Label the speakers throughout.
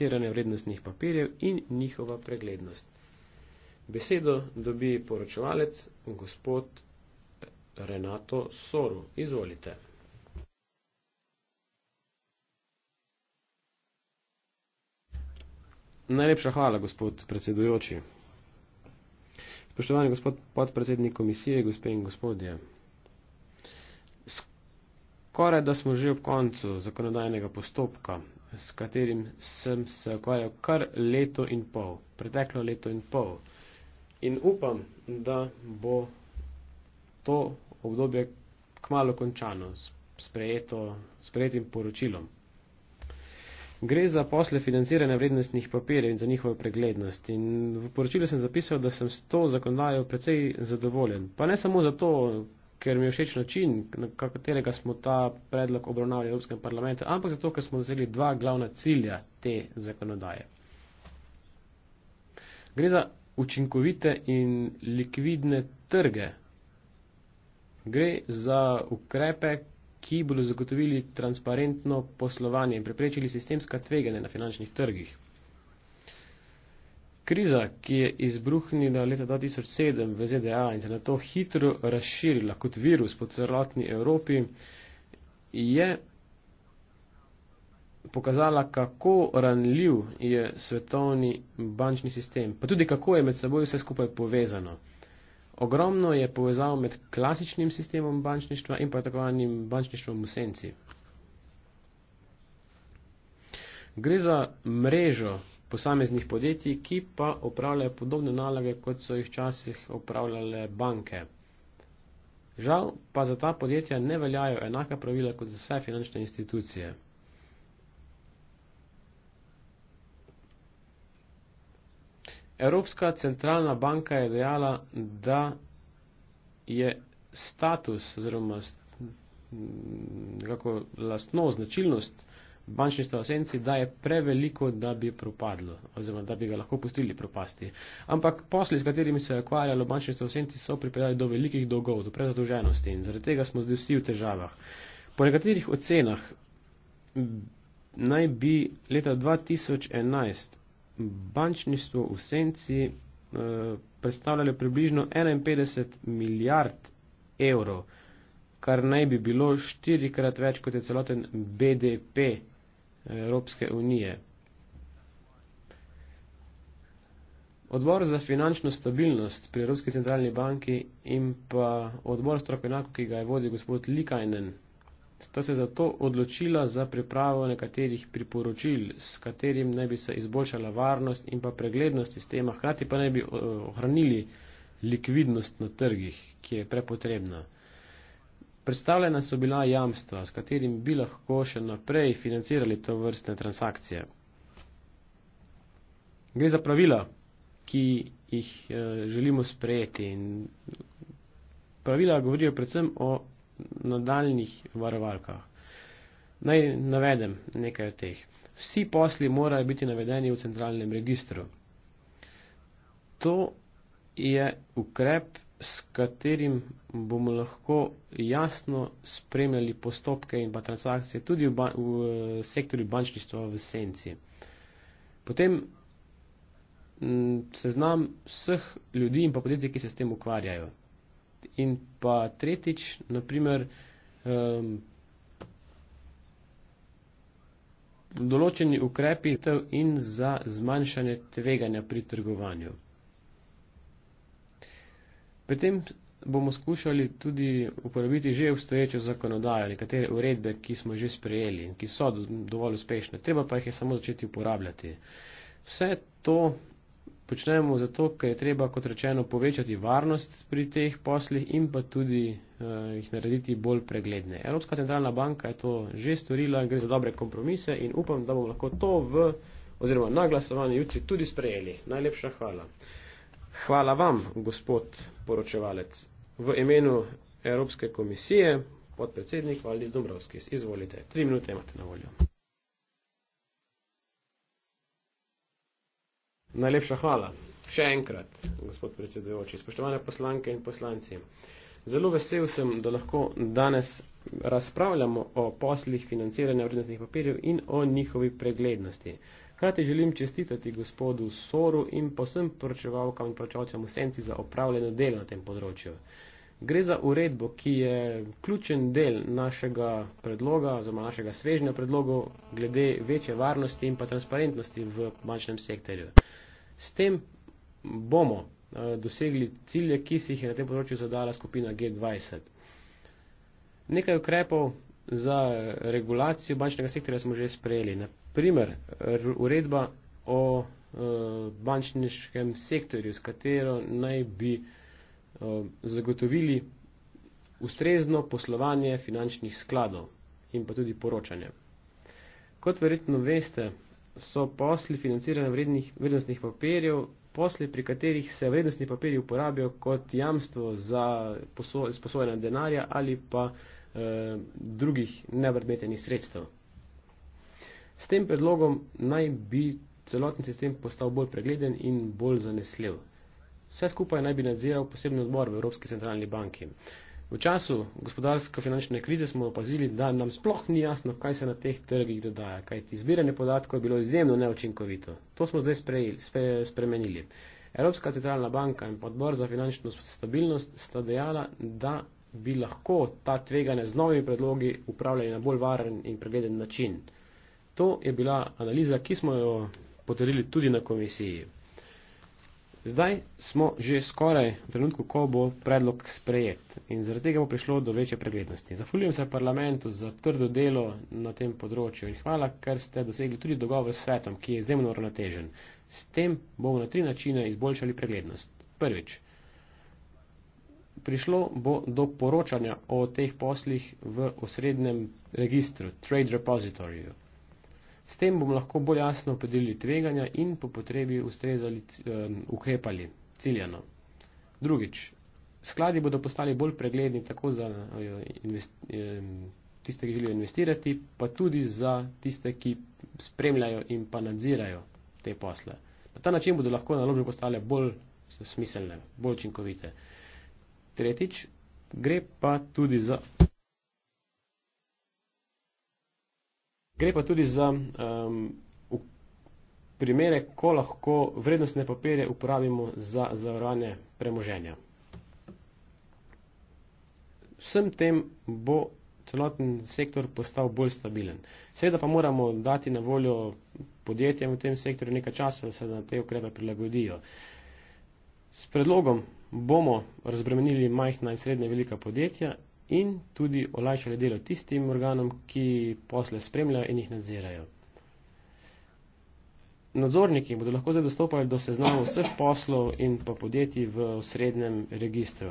Speaker 1: testiranje vrednostnih papirjev in njihova preglednost. Besedo dobi poročevalec gospod Renato Soru. Izvolite. Najlepša hvala, gospod predsedujoči. Spoštovani gospod podpredsednik komisije, gospe in gospodje. Skoraj da smo že ob koncu zakonodajnega postopka s katerim sem se ukvarjal kar leto in pol, preteklo leto in pol. In upam, da bo to obdobje kmalo končano s sprejeto, sprejetim poročilom. Gre za posle financiranja vrednostnih papirjev in za njihovo preglednost. In v poročilu sem zapisal, da sem s to zakonodajo precej zadovoljen. Pa ne samo zato, ker mi je všeč način, na katerega smo ta predlog obravnavali v Evropskem parlamentu, ampak zato, ker smo vzeli dva glavna cilja te zakonodaje. Gre za učinkovite in likvidne trge. Gre za ukrepe, ki bodo zagotovili transparentno poslovanje in preprečili sistemska tveganja na finančnih trgih. Kriza, ki je izbruhnila leta 2007 v ZDA in se na to hitro razširila kot virus po celotni Evropi, je pokazala, kako ranljiv je svetovni bančni sistem, pa tudi kako je med seboj vse skupaj povezano. Ogromno je povezal med klasičnim sistemom bančništva in pa tako imenim bančništvom v senci. Gre za mrežo posameznih podjetij, ki pa opravljajo podobne naloge, kot so jih včasih opravljale banke. Žal pa za ta podjetja ne veljajo enaka pravila kot za vse finančne institucije. Evropska centralna banka je dejala, da je status oziroma lastnost, značilnost uh, bančništva v senci, da je preveliko, da bi propadlo oziroma da bi ga lahko pustili propasti. Ampak posli, s katerimi se je ukvarjalo bančništvo v senci, so pripeljali do velikih dolgov, do prezadolženosti in zaradi tega smo zdaj vsi v težavah. Po nekaterih ocenah naj bi leta 2011 bančništvo v senci eh, predstavljalo približno 51 milijard evrov kar naj bi bilo štirikrat več kot je celoten BDP Evropske unije. Odbor za finančno stabilnost pri Evropski centralni banki in pa odbor strokovnjakov, ki ga je vodil gospod Likajnen, sta se zato odločila za pripravo nekaterih priporočil, s katerim naj bi se izboljšala varnost in pa preglednost sistema, hkrati pa naj bi eh, ohranili likvidnost na trgih, ki je prepotrebna. Predstavljena so bila jamstva, s katerim bi lahko še naprej financirali to vrstne transakcije. Gre za pravila, ki jih e, želimo sprejeti. Pravila govorijo predvsem o nadaljnih varovalkah. Naj navedem nekaj od teh. Vsi posli morajo biti navedeni v centralnem registru. To je ukrep s katerim bomo lahko jasno spremljali postopke in transakcije tudi v, ban v eh, sektorju bančništva v senci. Potem seznam vseh ljudi in pa podjetij, ki se s tem ukvarjajo. In pa tretjič, naprimer, um, določeni ukrepi in za zmanjšanje tveganja pri trgovanju. Pri tem bomo skušali tudi uporabiti že obstoječo zakonodajo, nekatere uredbe, ki smo že sprejeli in ki so dovolj uspešne, treba pa jih je samo začeti uporabljati. Vse to počnemo zato, ker je treba, kot rečeno, povečati varnost pri teh poslih in pa tudi eh, jih narediti bolj pregledne. Evropska centralna banka je to že storila, gre za dobre kompromise in upam, da bomo lahko to v oziroma na glasovanju jutri tudi sprejeli. Najlepša hvala. Hvala vam, gospod poročevalec. V imenu Evropske komisije, podpredsednik Valdis Dombrovski, izvolite, tri minute imate na voljo. Najlepša hvala. Še enkrat, gospod predsedujoči, spoštovane poslanke in poslanci. Zelo vesel sem, da lahko danes razpravljamo o poslih financiranja vrednostnih papirjev in o njihovi preglednosti. Hrati želim čestitati gospodu Soru in pa vsem poročevalkam in poročevalcem v senci za opravljeno delo na tem področju. Gre za uredbo, ki je ključen del našega predloga, oziroma našega svežnja predlogov, glede večje varnosti in pa transparentnosti v bančnem sektorju. S tem bomo eh, dosegli cilje, ki si jih je na tem področju zadala skupina G20. Nekaj ukrepov za regulacijo bančnega sektorja smo že sprejeli. Naprimer, uredba o uh, bančniškem sektorju, s katero naj bi uh, zagotovili ustrezno poslovanje finančnih skladov in pa tudi poročanje. Kot verjetno veste, so posli financiranja vrednih, vrednostnih papirjev, posli, pri katerih se vrednostni papirji uporabijo kot jamstvo za posojena denarja ali pa uh, eh, drugih nevrdmetenih sredstev. S tem predlogom naj bi celoten sistem postal bolj pregleden in bolj zanesljiv. Vse skupaj naj bi nadziral posebni odbor v Evropski centralni banki. V času gospodarsko-finančne krize smo opazili, da nam sploh ni jasno, kaj se na teh trgih dodaja, kajti zbiranje podatkov je bilo izjemno neočinkovito. To smo zdaj sprejeli, spe, spremenili. Evropska centralna banka in podbor za finančno stabilnost sta dejala, da bi lahko ta tveganja z novimi predlogi upravljali na bolj varen in pregleden način. To je bila analiza, ki smo jo potrdili tudi na komisiji. Zdaj smo že skoraj v trenutku, ko bo predlog sprejet in zaradi tega bo prišlo do večje preglednosti. Zahvaljujem se parlamentu za trdo delo na tem področju in hvala, ker ste dosegli tudi dogovor s svetom, ki je izjemno uravnotežen. S tem bomo na tri načine izboljšali preglednost. Prvič prišlo bo do poročanja o teh poslih v osrednjem registru, Trade Repositoryju. S tem bomo lahko bolj jasno opredelili tveganja in po potrebi ustrezali, eh, ukrepali ciljano. Drugič, skladi bodo postali bolj pregledni tako za eh, invest, eh, tiste, ki želijo investirati, pa tudi za tiste, ki spremljajo in pa nadzirajo te posle. Na ta način bodo lahko naložbe postale bolj smiselne, bolj učinkovite. Eh, Tretjič, gre pa tudi za. Gre pa tudi za um, primere, ko lahko vrednostne papire uporabimo za zavarovanje premoženja. Vsem tem bo celoten sektor postal bolj stabilen. Seveda pa moramo dati na voljo podjetjem v tem sektorju nekaj časa, da se na te ukrepe prilagodijo. S predlogom bomo razbremenili majhna in srednje velika podjetja in tudi olajšali delo tistim organom, ki posle spremljajo in jih nadzirajo. Nadzorniki bodo lahko zdaj dostopali do seznamov vseh poslov in pa podjetij v srednjem registru.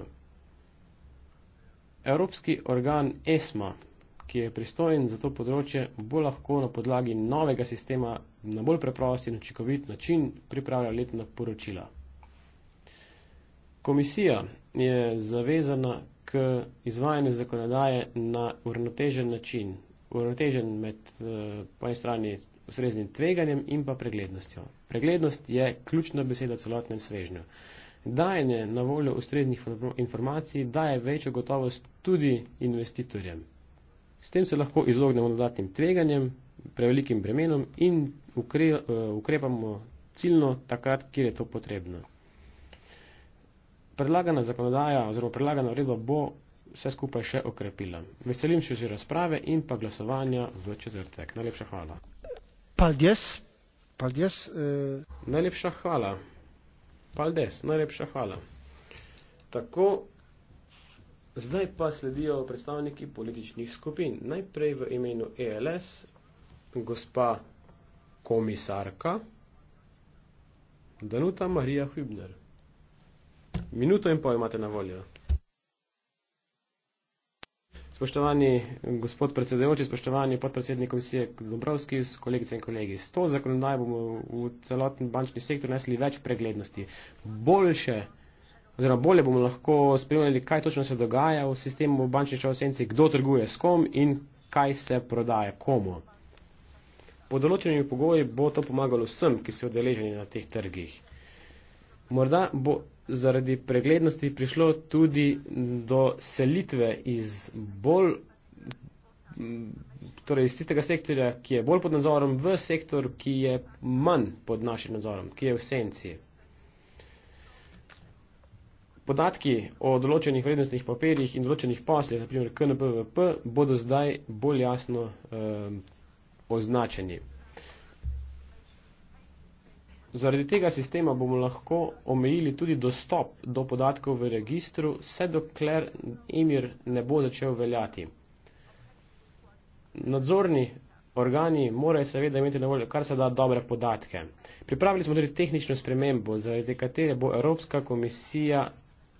Speaker 1: Evropski organ ESMA, ki je pristojen za to področje, bo lahko na podlagi novega sistema na bolj preprost in očikovit način pripravljal letna poročila. Komisija je zavezana k izvajanju zakonodaje na uravnotežen način, uravnotežen med eh, po eni strani ustreznim tveganjem in pa preglednostjo. Preglednost je ključna beseda celotnem svežnju. Dajanje na voljo ustreznih informacij daje večjo gotovost tudi investitorjem. S tem se lahko izognemo dodatnim tveganjem, prevelikim bremenom in ukre, eh, ukrepamo ciljno takrat, kjer je to potrebno predlagana zakonodaja oziroma predlagana uredba bo vse skupaj še okrepila. Veselim se že razprave in pa glasovanja v četrtek. Najlepša hvala.
Speaker 2: Paldies. Paldies.
Speaker 1: Eh. Najlepša hvala. Paldies. Najlepša hvala. Tako, zdaj pa sledijo predstavniki političnih skupin. Najprej v imenu ELS, gospa komisarka Danuta Marija Hübner minuto in pol imate na voljo. Spoštovani gospod predsedujoči, spoštovani podpredsednik komisije Dobrovski, kolegice in kolegi, s to zakonodajo bomo v celoten bančni sektor nesli več preglednosti. Boljše oziroma bolje bomo lahko spremljali, kaj točno se dogaja v sistemu bančnih čovosenci, kdo trguje s kom in kaj se prodaja komu. Po določenimi pogoji bo to pomagalo vsem, ki so odeleženi na teh trgih. Morda bo zaradi preglednosti prišlo tudi do selitve iz bolj, torej iz tistega sektorja, ki je bolj pod nadzorom, v sektor, ki je manj pod našim nadzorom, ki je v senci. Podatki o določenih vrednostnih papirjih in določenih poslih, naprimer KNPVP, bodo zdaj bolj jasno eh, označeni. Zaradi tega sistema bomo lahko omejili tudi dostop do podatkov v registru, vse dokler emir ne bo začel veljati. Nadzorni organi morajo seveda imeti na voljo kar se da dobre podatke. Pripravili smo tudi tehnično spremembo, zaradi katere bo Evropska komisija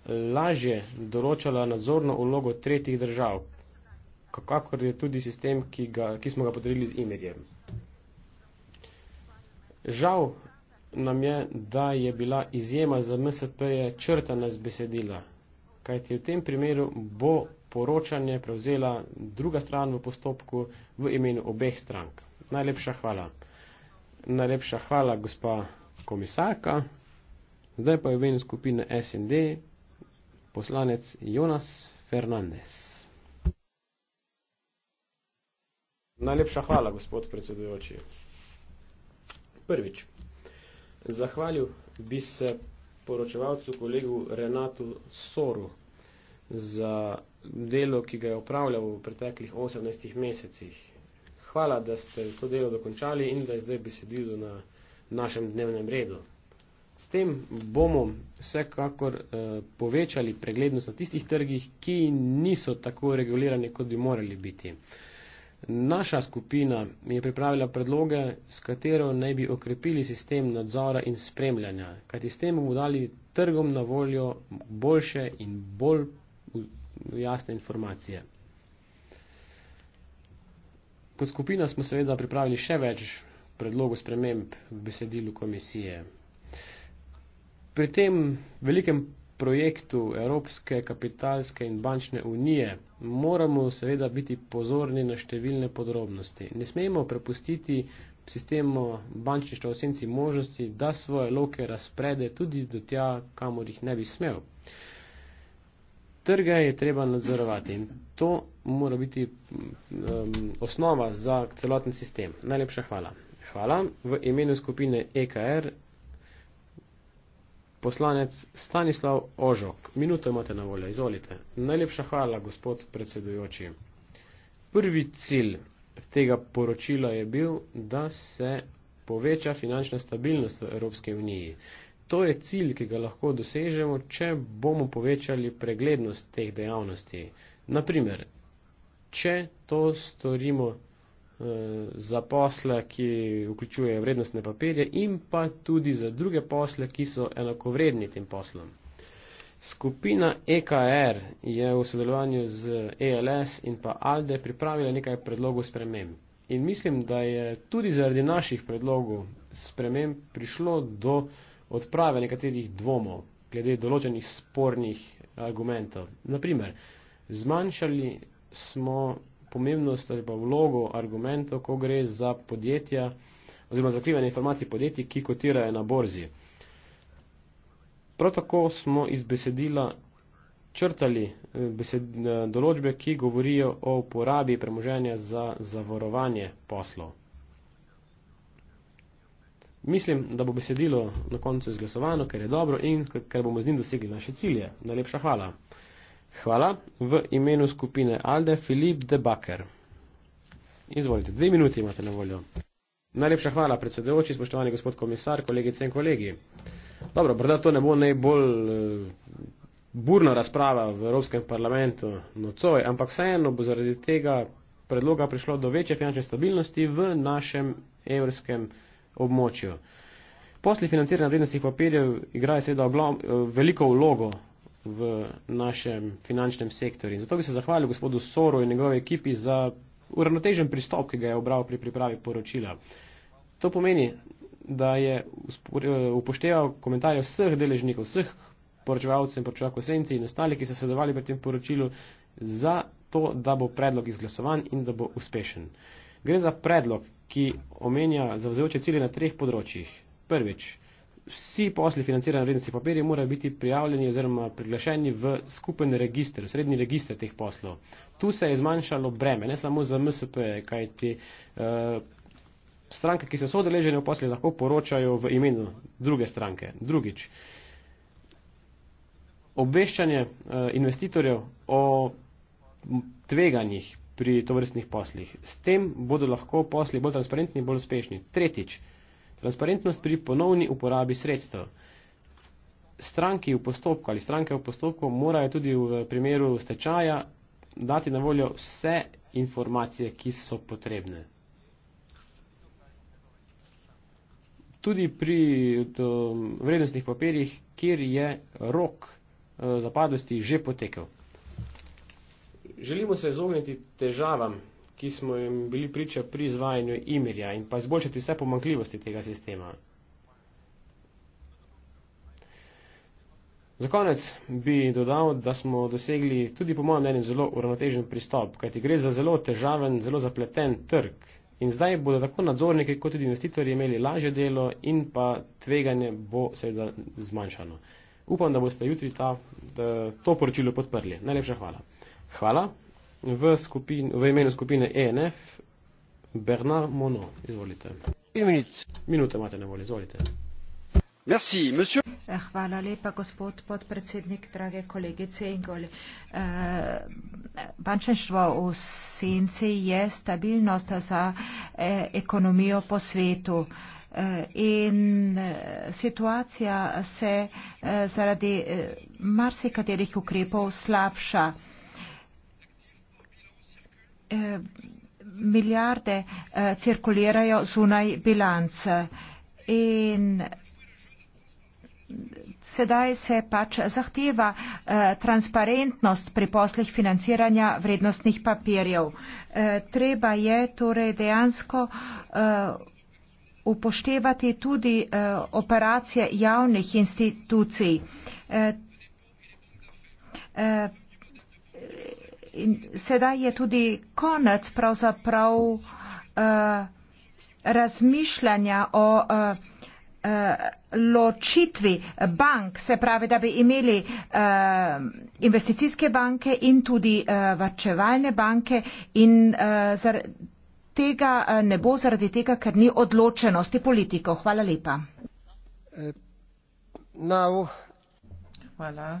Speaker 1: lažje določala nadzorno ulogo tretjih držav, kakor je tudi sistem, ki, ga, ki smo ga podarili z imerjem. Žal nam je, da je bila izjema za MSP je črtana z besedila. Kajti v tem primeru bo poročanje prevzela druga stran v postopku v imenu obeh strank. Najlepša hvala. Najlepša hvala, gospa komisarka. Zdaj pa je v imenu skupine SND poslanec Jonas Fernandez. Najlepša hvala, gospod predsedujoči. Prvič. Zahvalil bi se poročevalcu kolegu Renatu Soru za delo, ki ga je opravljal v preteklih 18 mesecih. Hvala, da ste to delo dokončali in da je zdaj besedilo na našem dnevnem redu. S tem bomo vsekakor eh, povečali preglednost na tistih trgih, ki niso tako regulirani, kot bi morali biti. Naša skupina mi je pripravila predloge, s katero naj bi okrepili sistem nadzora in spremljanja, kajti s tem bomo dali trgom na voljo boljše in bolj jasne informacije. Kot skupina smo seveda pripravili še več predlogov sprememb v besedilu komisije. Pri tem velikem projektu Evropske kapitalske in bančne unije, moramo seveda biti pozorni na številne podrobnosti. Ne smemo prepustiti sistemu bančništva v senci možnosti, da svoje loke razprede tudi do tja, kamor jih ne bi smel. Trge je treba nadzorovati in to mora biti um, osnova za celoten sistem. Najlepša hvala. Hvala. V imenu skupine EKR Poslanec Stanislav Ožok, minuto imate na voljo, izvolite. Najlepša hvala, gospod predsedujoči. Prvi cilj tega poročila je bil, da se poveča finančna stabilnost v Evropske uniji. To je cilj, ki ga lahko dosežemo, če bomo povečali preglednost teh dejavnosti. Naprimer, če to storimo Eh, za posle, ki vključuje vrednostne papirje in pa tudi za druge posle, ki so enakovredni tem poslom. Skupina EKR je v sodelovanju z ELS in pa ALDE pripravila nekaj predlogov sprememb. In mislim, da je tudi zaradi naših predlogov sprememb prišlo do odprave nekaterih dvomov glede določenih spornih argumentov. Naprimer, zmanjšali smo pomembnost ali pa vlogo argumentov, ko gre za podjetja oziroma zakrivanje informacij podjetij, ki kotirajo na borzi. Prav tako smo iz besedila črtali eh, besed, eh, določbe, ki govorijo o uporabi premoženja za zavarovanje poslov. Mislim, da bo besedilo na koncu izglasovano, ker je dobro in ker bomo z njim dosegli naše cilje. Najlepša hvala. Hvala. V imenu skupine Alde, Filip Debaker. Izvolite, dve minuti imate na voljo. Najlepša hvala, predsedujoči, spoštovani gospod komisar, kolegice in kolegi. Dobro, morda to ne bo najbolj eh, burna razprava v Evropskem parlamentu nocoj, ampak vseeno bo zaradi tega predloga prišlo do večje finančne stabilnosti v našem evrskem območju. Posli financiranja vrednostnih papirjev igrajo seveda oblom, eh, veliko vlogo v našem finančnem sektorju. Zato bi se zahvalil gospodu Soru in njegovi ekipi za uravnotežen pristop, ki ga je obral pri pripravi poročila. To pomeni, da je eh, upošteval komentarje vseh deležnikov, vseh poročevalcev in poročevalcev senci in ostalih, ki so sodelovali pri tem poročilu, za to, da bo predlog izglasovan in da bo uspešen. Gre za predlog, ki omenja zavzajoče cilje na treh področjih. Prvič, vsi posli financirane vrednostne papirje morajo biti prijavljeni oziroma priglašeni v skupen registr, srednji registr teh poslov. Tu se je zmanjšalo breme, ne samo za MSP, kajti uh, stranke, ki so sodeležene v poslih, lahko poročajo v imenu druge stranke. Drugič, obveščanje uh, investitorjev o tveganjih pri tovrstnih poslih. S tem bodo lahko posli bolj transparentni in bolj uspešni. Tretjič, Transparentnost pri ponovni uporabi sredstev. Stranki v postopku ali stranke v postopku morajo tudi v primeru stečaja dati na voljo vse informacije, ki so potrebne. Tudi pri to, vrednostnih papirjih, kjer je rok eh, zapadlosti že potekel. Želimo se izogniti težavam, ki smo jim bili priča pri izvajanju imirja in pa izboljšati vse pomankljivosti tega sistema. Za konec bi dodal, da smo dosegli tudi po mojem mnenju zelo uravnotežen pristop, kajti gre za zelo težaven, zelo zapleten trg. In zdaj bodo tako nadzorniki kot tudi investitorji imeli lažje delo in pa tveganje bo seveda zmanjšano. Upam, da boste jutri ta, da to poročilo podprli. Najlepša hvala. Hvala v, skupin, v imenu skupine ENF Bernard Monod. Izvolite. Minute imate na voljo, izvolite.
Speaker 3: Merci, monsieur. Eh, hvala lepa, gospod podpredsednik, drage kolegice in kolegi. Eh, Bančništvo v senci je stabilnost za eh, ekonomijo po svetu in situacija se zaradi marsikaterih ukrepov slabša milijarde eh, cirkulirajo zunaj bilanc. In sedaj se pač zahteva eh, transparentnost pri poslih financiranja vrednostnih papirjev. Eh, treba je torej dejansko upoštevati tudi operacije javnih institucij in sedaj je tudi konec pravzaprav uh, razmišljanja o uh, uh, ločitvi bank, se pravi, da bi imeli uh, investicijske banke in tudi uh, varčevalne banke in uh, zar tega uh, ne bo zaradi tega, ker ni odločenosti politikov. Hvala lepa.
Speaker 2: Now. Hvala.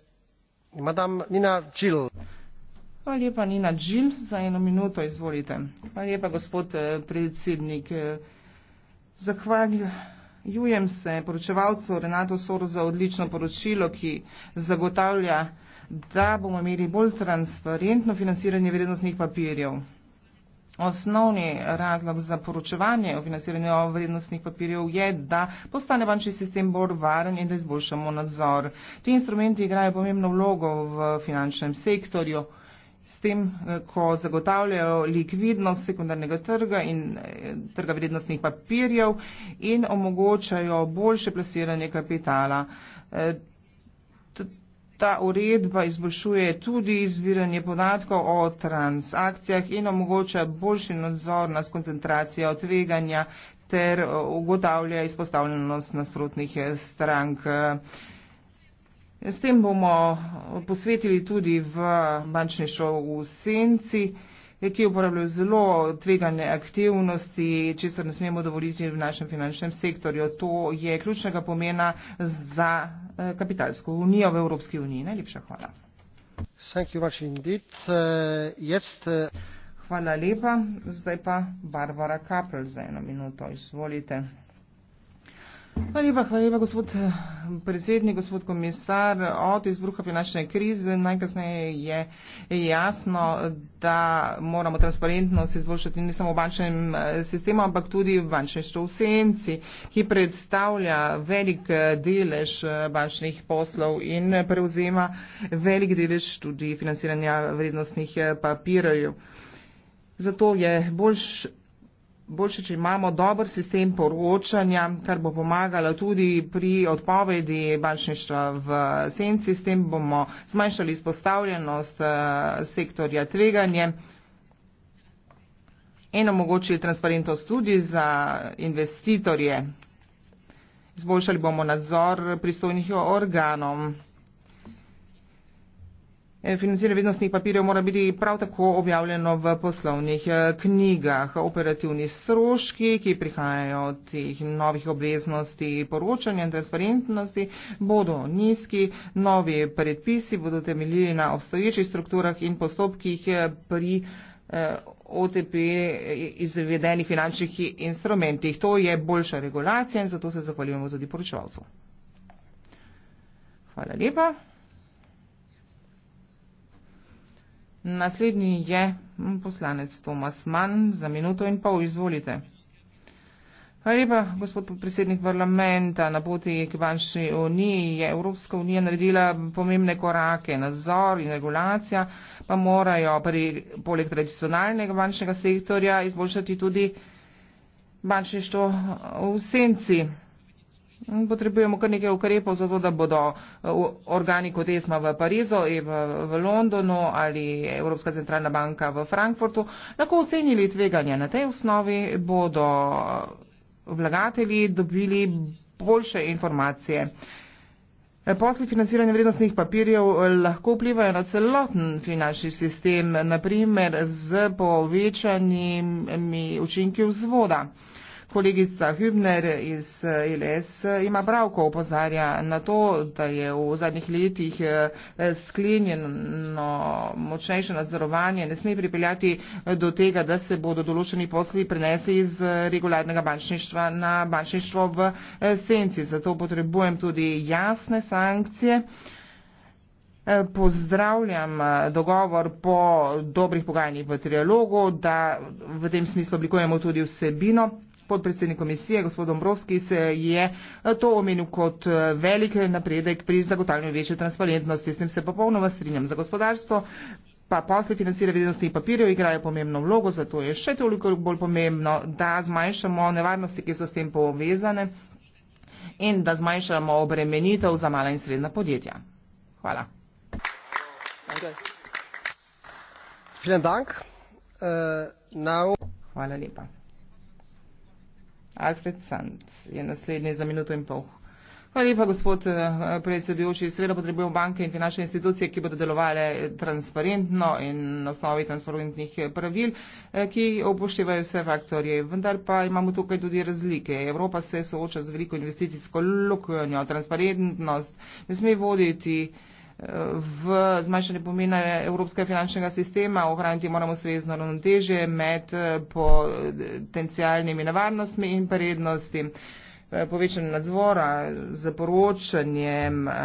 Speaker 2: Hvala lepa, Nina Džil. Za eno minuto izvolite. Hvala lepa, gospod eh, predsednik. Eh, zahvaljujem se poročevalcu Renato Soro za odlično poročilo, ki zagotavlja, da bomo imeli bolj transparentno financiranje vrednostnih papirjev. Osnovni razlog za poročevanje o financiranju vrednostnih papirjev je, da postane bančni sistem bolj varen in da izboljšamo nadzor. Ti instrumenti igrajo pomembno vlogo v finančnem sektorju. S tem, eh, ko zagotavljajo likvidnost sekundarnega trga in eh, trga vrednostnih papirjev in omogočajo boljše plasiranje kapitala. Eh, Ta uredba izboljšuje tudi izbiranje podatkov o transakcijah in omogoča boljši nadzor nad koncentracijo tveganja ter eh, ugotavlja izpostavljenost nasprotnih eh, strank. S tem bomo eh, posvetili tudi v bančni šov v Senci ki uporabljajo zelo tvegane aktivnosti, česar ne smemo dovoliti v našem finančnem sektorju. To je ključnega pomena za eh, kapitalsko unijo v Evropski uniji. Najlepša hvala. Eh, eh, hvala lepa. Zdaj pa Barbara Kapel za eno minuto. Izvolite. Hvala lepa, hvala lepa, gospod eh, predsednik, gospod komisar. Od izbruha finančne krize najkasneje je jasno, da moramo transparentnost izboljšati ne samo v bančnem eh, sistemu, ampak tudi v bančništvu v senci, ki predstavlja velik eh, delež bančnih poslov in prevzema velik delež tudi financiranja vrednostnih papirjev. Zato je boljš boljše, če imamo dober sistem poročanja, kar bo pomagalo tudi pri odpovedi bančništva v senci, s tem bomo zmanjšali izpostavljenost eh, sektorja tveganje. Eno mogoče je transparentnost tudi za investitorje. Zboljšali bomo nadzor pristojnih organom. Eh, financiranje vrednostnih papirjev mora biti prav tako objavljeno v poslovnih eh, knjigah. Operativni stroški, ki prihajajo od teh novih obveznosti poročanja in transparentnosti, bodo nizki. Novi predpisi bodo temeljili na obstoječih strukturah in postopkih eh, pri OTP izvedenih finančnih instrumentih. To je boljša regulacija in zato se zahvaljujemo tudi poročevalcu. Hvala lepa. Naslednji je poslanec Tomas Mann za minuto in pol. Izvolite. Hvala lepa, gospod predsednik parlamenta. Na poti k bančni uniji je Evropska unija naredila pomembne korake. Nazor in regulacija pa morajo pri, poleg tradicionalnega bančnega sektorja izboljšati tudi bančništvo v senci. Potrebujemo kar nekaj ukrepov za to, da bodo eh, organi kot ESMA v Parizu, EV v Londonu ali Evropska centralna banka v Frankfurtu lahko ocenili tveganja. Na tej osnovi bodo eh, vlagatelji dobili boljše informacije. Eh, posli financiranja vrednostnih papirjev lahko vplivajo na celoten finančni sistem, naprimer z povečanimi učinki vzvoda. Kolegica Hübner iz eh, LS eh, ima bravko upozarja na to, da je v zadnjih letih eh, sklenjeno močnejše nadzorovanje, ne sme pripeljati do tega, da se bodo določeni posli prenesli iz regularnega bančništva na bančništvo v senci. Zato potrebujem tudi jasne sankcije. Pozdravljam dogovor po dobrih pogajanjih v trialogu, da v tem smislu oblikujemo tudi vsebino podpredsednik komisije, gospod Dombrovski, se je eh, to omenil kot eh, velik eh, napredek pri zagotavljanju večje transparentnosti. S tem se popolnoma strinjam. Za gospodarstvo pa posle financira vrednosti in papirjev igrajo pomembno vlogo, zato je še toliko bolj pomembno, da zmanjšamo nevarnosti, ki so s tem povezane in da zmanjšamo obremenitev za mala in srednja podjetja. Hvala. Äh, Hvala lepa. Alfred Sand je naslednji za minuto in pol. Hvala lepa, gospod eh, predsedujoči. Seveda potrebujemo banke in finančne institucije, ki bodo delovale transparentno in na osnovi transparentnih eh, pravil, eh, ki upoštevajo vse faktorje. Vendar pa imamo tukaj tudi razlike. Evropa se sooča z veliko investicijsko lukvenjo. Transparentnost ne sme voditi v zmanjšanje pomena evropskega finančnega sistema, ohraniti moramo srezno ravnotežje med eh, potencijalnimi nevarnostmi in prednosti. Eh, povečanje nadzora z poročanjem eh,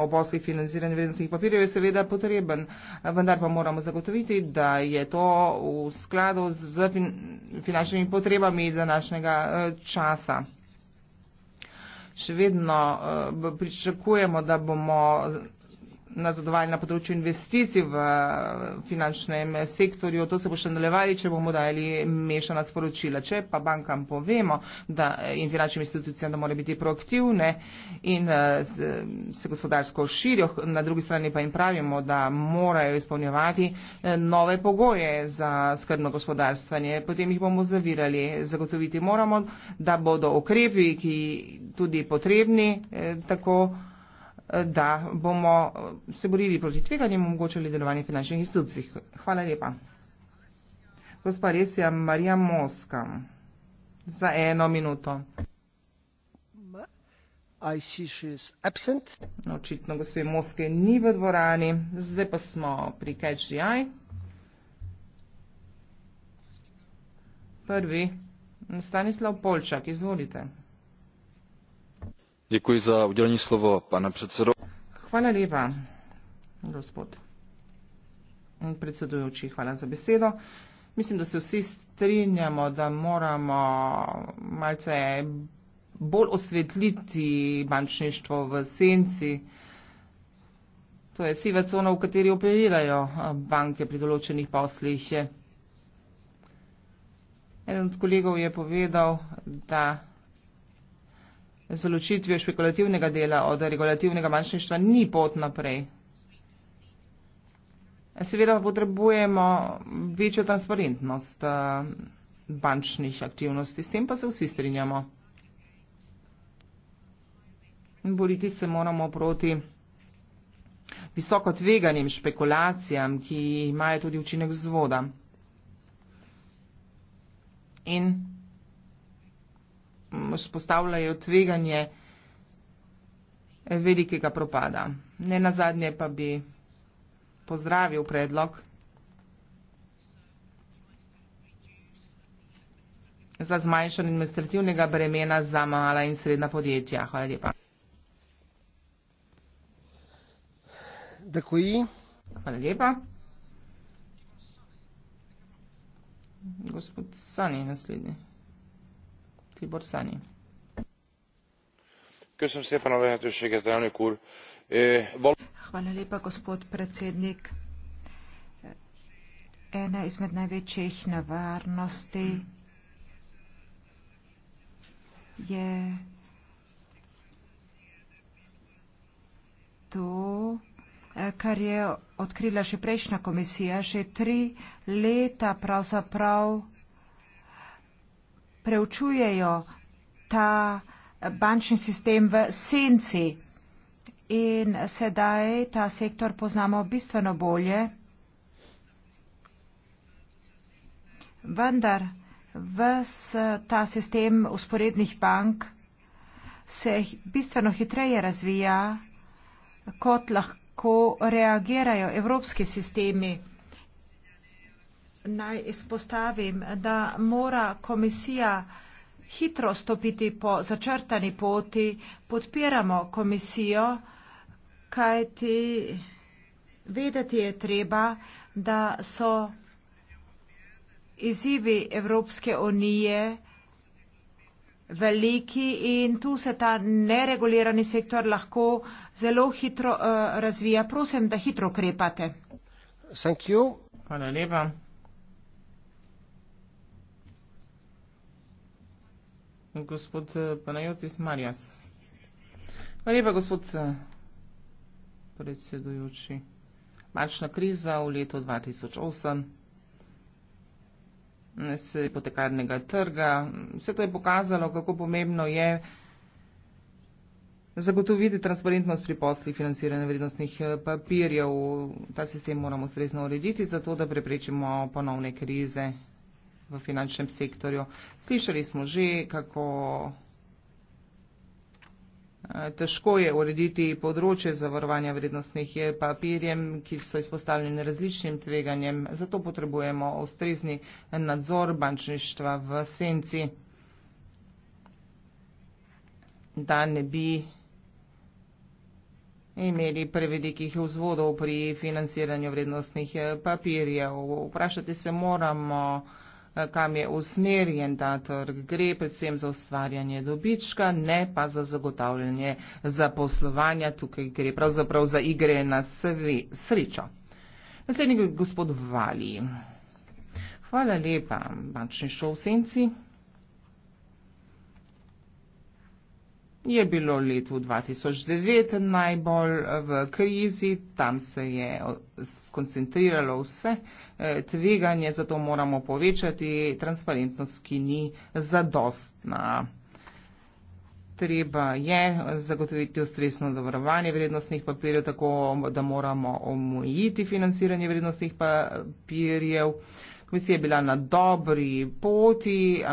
Speaker 2: obostkih financiranja vrednostnih papirjev je seveda potreben, vendar pa moramo zagotoviti, da je to v skladu z finančnimi potrebami današnjega časa. Še vedno pričakujemo, da bomo nazadovali na področju investicij v eh, finančnem eh, sektorju. To se bo še nadaljevali, če bomo dajali mešana sporočila. Če pa bankam povemo da, eh, in finančnim institucijam, da morajo biti proaktivne in se gospodarsko širijo, na drugi strani pa jim pravimo, da morajo izpolnjevati nove pogoje za skrbno gospodarstvanje, potem jih bomo zavirali. Zagotoviti moramo, da bodo ukrepi, ki tudi potrebni, tako da bomo eh, se borili proti tveganjem in omogočili delovanje finančnih institucij. Hvala lepa. Gospa Resija Marija Moska. Za eno minuto. I see she is absent. No, očitno gospe Moske ni v dvorani. Zdaj pa smo pri Catch the Eye. Prvi, Stanislav Polčak, izvolite
Speaker 4: pane
Speaker 2: predsedujoči hvala za besedo. Mislim, da se vsi strinjamo, da moramo malce bolj osvetliti bančništvo v senci. To je siva cona, v kateri operirajo banke pri določenih poslih. Eden od kolegov je povedal, da z ločitvijo špekulativnega dela od regulativnega manjšništva ni pot naprej. Seveda potrebujemo večjo transparentnost eh, bančnih aktivnosti, s tem pa se vsi strinjamo. Boriti se moramo proti visoko tveganim špekulacijam, ki imajo tudi učinek vzvoda. In spostavljajo tveganje velikega propada. Ne nazadnje pa bi pozdravil predlog za zmanjšanje administrativnega bremena za mala in srednja podjetja. Hvala lepa. Dakoji. Hvala lepa. Gospod Sani, naslednji
Speaker 3: tibor szanyi ena izmed največjih nevarnosti je to, kar je odkrila še prejšnja komisija, še tri leta pravzaprav prav preučujejo ta eh, bančni sistem v senci. In sedaj ta sektor poznamo bistveno bolje. Vendar ves eh, ta sistem usporednih bank se bistveno hitreje razvija, kot lahko reagirajo evropski sistemi naj izpostavim, da mora komisija hitro stopiti po začrtani poti. Podpiramo komisijo, kajti vedeti je treba, da so izzivi Evropske unije veliki in tu se ta neregulirani sektor lahko zelo hitro uh, razvija. Prosim, da hitro ukrepate. Hvala lepa.
Speaker 2: Господ Панайотис Мариас. Hvala lepa, gospod eh, predsedujoči. Bančna kriza v letu 2008, nese potekarnega trga, vse to je pokazalo, kako pomembno je zagotoviti transparentnost pri poslih financiranja vrednostnih eh, papirjev. Ta sistem moramo stresno urediti, zato da preprečimo ponovne krize v finančnem sektorju. Slišali smo že, kako eh, težko je urediti področje zavarovanja vrednostnih papirjem, ki so izpostavljeni različnim tveganjem. Zato potrebujemo ustrezni nadzor bančništva v senci, da ne bi imeli prevelikih vzvodov pri financiranju vrednostnih eh, papirjev. Vprašati se moramo, kam eh, je usmerjen ta trg. Gre predvsem za ustvarjanje dobička, ne pa za zagotavljanje zaposlovanja. Tukaj gre pravzaprav za igre na sve, srečo. Naslednji gospod Vali. Hvala lepa, bančni šov v senci. je bilo letu 2009 najbolj eh, v krizi, tam se je skoncentriralo vse eh, tveganje, zato moramo povečati transparentnost, ki ni zadostna. Treba je zagotoviti ustresno zavarovanje vrednostnih papirjev, tako da moramo omojiti financiranje vrednostnih papirjev. Komisija je bila na dobri poti,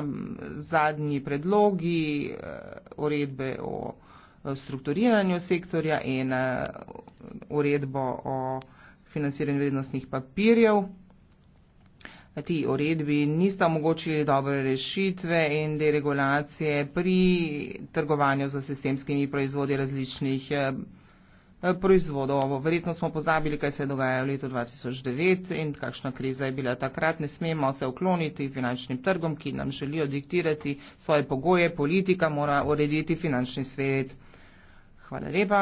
Speaker 2: zadnji predlogi eh, uredbe o eh, strukturiranju sektorja in eh, uredbo o financiranju vrednostnih papirjev. Ti uredbi nista omogočili dobre rešitve in deregulacije pri trgovanju z sistemskimi proizvodi različnih Eh, proizvodov. Verjetno smo pozabili, kaj se je dogajalo v letu 2009 in kakšna kriza je bila takrat. Ne smemo se ukloniti finančnim trgom, ki nam želijo diktirati svoje pogoje. Politika mora urediti finančni svet. Hvala lepa.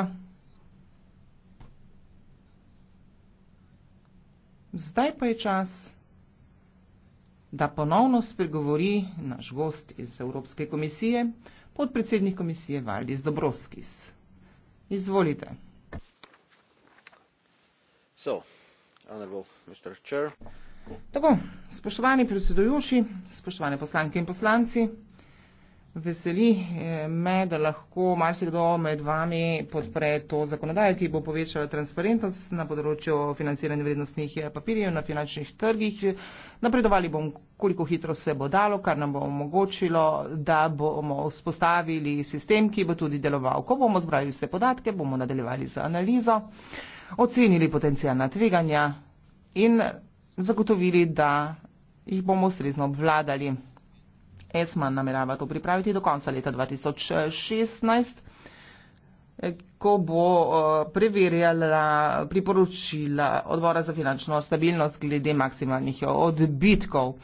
Speaker 2: Zdaj pa je čas, da ponovno spregovori naš gost iz Evropske komisije, podpredsednik komisije Valdis Dobrovskis. Izvolite. Tako, spoštovani predsedujoči, spoštovane poslanke in poslanci, veseli eh, me, da lahko marsikdo med vami podpre to zakonodajo, ki bo povečala transparentnost na področju financiranja vrednostnih eh, papirjev na finančnih trgih. Napredovali bom, koliko hitro se bo dalo, kar nam bo omogočilo, da bomo vzpostavili sistem, ki bo tudi deloval. Ko bomo zbrali vse podatke, bomo nadaljevali z analizo ocenili potencijalna tveganja in zagotovili, da jih bomo ustrezno obvladali. ESMA namerava to pripraviti do konca leta 2016, ko bo eh, preverjala priporočila odbora za finančno stabilnost glede maksimalnih odbitkov.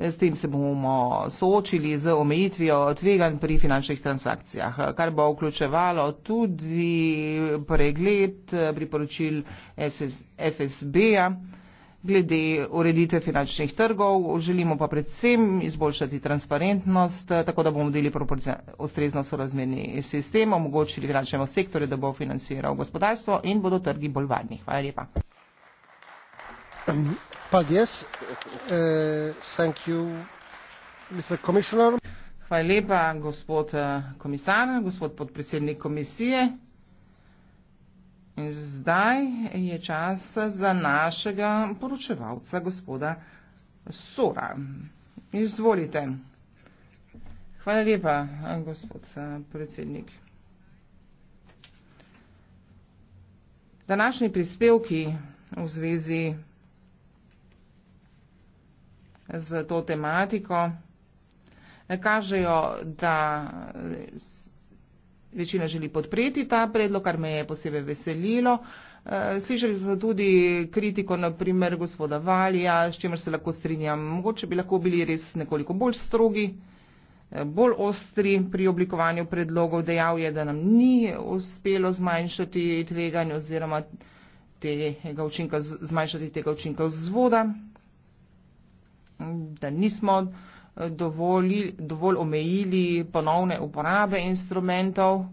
Speaker 2: S tem se bomo soočili z omejitvijo tvegan pri finančnih transakcijah, kar bo vključevalo tudi pregled eh, priporočil FSB-ja glede ureditve finančnih trgov. Želimo pa predvsem izboljšati transparentnost, eh, tako da bomo deli ustrezno sorazmerni sistem, omogočili finančnemu sektorju, da bo financiral gospodarstvo in bodo trgi bolj varni. Hvala lepa. Eh, Hvala lepa, gospod eh, komisar, gospod podpredsednik komisije. In zdaj je čas za našega poročevalca, gospoda Sora. Izvolite. Hvala lepa, gospod eh, predsednik. Današnji prispevki v zvezi z to tematiko, kažejo, da večina želi podpreti ta predlog, kar me je posebej veselilo. Slišali smo tudi kritiko, naprimer, gospoda Valija, s čimer se lahko strinjam. Mogoče bi lahko bili res nekoliko bolj strogi, bolj ostri pri oblikovanju predlogov. Dejal je, da nam ni uspelo zmanjšati tveganja oziroma tega učinka, zmanjšati tega učinka vzvoda, da nismo eh, dovolj, dovolj omejili ponovne uporabe instrumentov.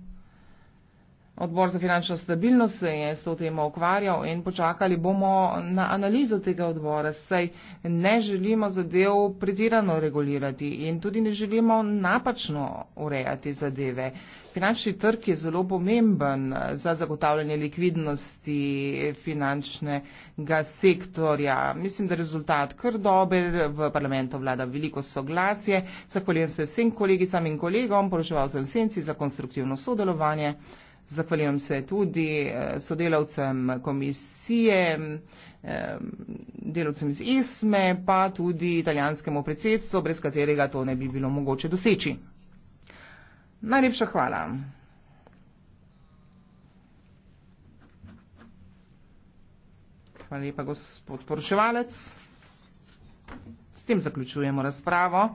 Speaker 2: Odbor za finančno stabilnost se je s to temo ukvarjal in počakali bomo na analizo tega odbora, saj ne želimo zadev pretirano regulirati in tudi ne želimo napačno urejati zadeve finančni trg je zelo pomemben eh, za zagotavljanje likvidnosti finančnega sektorja. Mislim, da je rezultat kar dober, v parlamentu vlada veliko soglasje. Zahvaljujem se vsem kolegicam in kolegom, poroževal sem senci za konstruktivno sodelovanje. Zahvaljujem se tudi eh, sodelavcem komisije, delavcem iz ISME, pa tudi italijanskemu predsedstvu, brez katerega to ne bi bilo mogoče doseči. Najlepša hvala. Hvala lepa, gospod poročevalec. S tem zaključujemo razpravo.